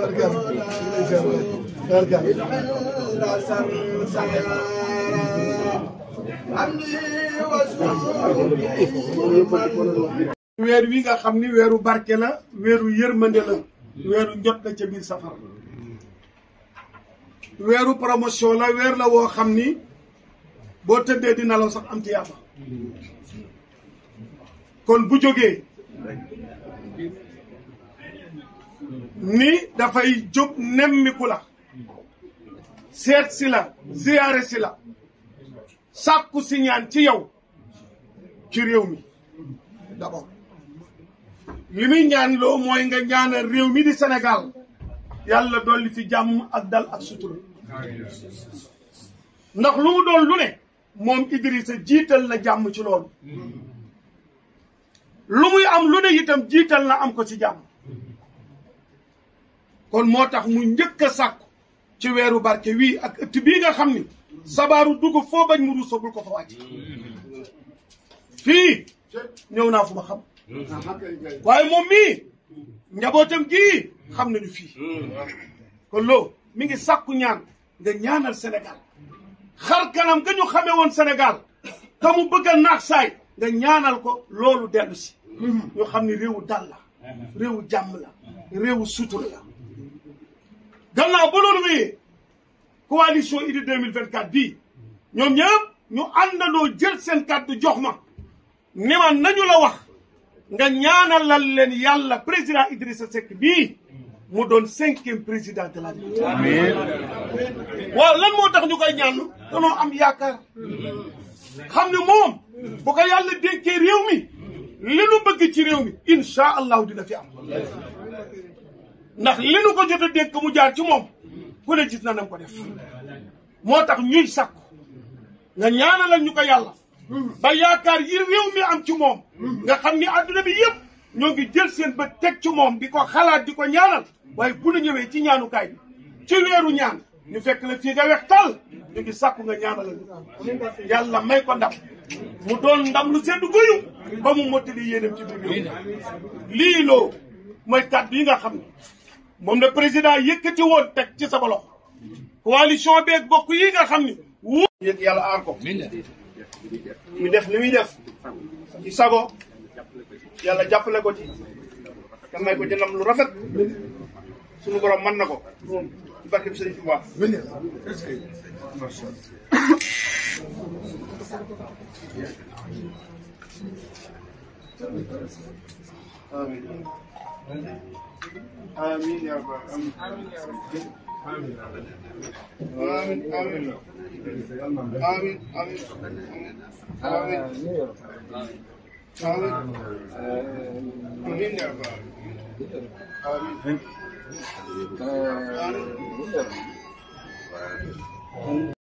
gargam gargam weer wi nga xam ni weeru barke la weeru yërmande la weeru njot la ca biir safar weeru promotion la weer la woo xam ni boo tëddee di nelaw sax am tiyaaba kon bu jógee ni dafay jóg nemmiku la seet si la ziyaare si la sàkku si ñaan ci yow ci réew mi d'abord li muy ñaan loo mooy nga ñaanal réew mi di Sénégal yàlla dolli fi jàmm ak dal ak sutura ndax lu mu doon lu ne moom Idrissa jiital na jàmm ci loolu lu muy am lu ne itam jiital na am ko ci jàmm kon moo tax mu njëkk a sàkku ci weeru barke wii ak ëtt bii nga xam ni sabaaru dugg foo bañ mu ruusagul ko fa wàcc fii ñëw naa fu ma xam waaye moom mii njabootam gii xam nañu fii kon loo mi ngi sàkku ñaan nga ñaanal senegal xar kanam nga ñu xamee woon senegal te mu bëgg a naax saay nga ñaanal ko loolu dellusi si ñu xam ni réewu dal la réewu jàmm la réewu sutura la gannaaw ba loolu wéyee coalition Idy 2024 bii ñoom ñëpp ñu àndandoo jël seen kàddu jox ma ni nañu la wax nga ñaanalal leen yàlla président sa Seck bi mu doon cinquième président de la République waaw lan moo tax ñu koy ñaan danoo am yaakaar xam ne moom bu ko yàlla dénkee réew mi li nu bëgg ci réew mi incha allahu dina fi am ndax li nu ko jot a dégg mu jaar ci moom ku ne gis na nam ko def moo tax ñuy sàkku nga ñaanalal ñu ko yàlla ba yaakaar yi réew mi am ci moom nga xam ni àdduna bi yëpp ñoo ngi jël seen bët teg ci moom di ko xalaat di ko ñaanal waaye bu la ñëwee ci ñaanukaay bi ci weeru ñaan ñu fekk la fii nga wex tal ñu ngi sàkku nga ñaanalal ñu yàlla may ko ndam mu doon ndam lu seddu guyu ba mu mottali yéenam ci biir lii loo mooy kàddu yi nga xam ne mom le président yëkkati won tek ci sama lox coalition ak bokk yi nga xamni ni yalla ar ko mi def limi def ci sago yalla jàppale ko ci te may ko jëndam lu rafet suñu borom man nako barke bi sëriñ Tuubaa Amin. Amin ya Rabbi. Amin. Amin Amin. Amin. Amin. Amin. Amin. Amin. Amin. Amin. Amin. Amin ya Rabbi. Amin. Amin. Amin.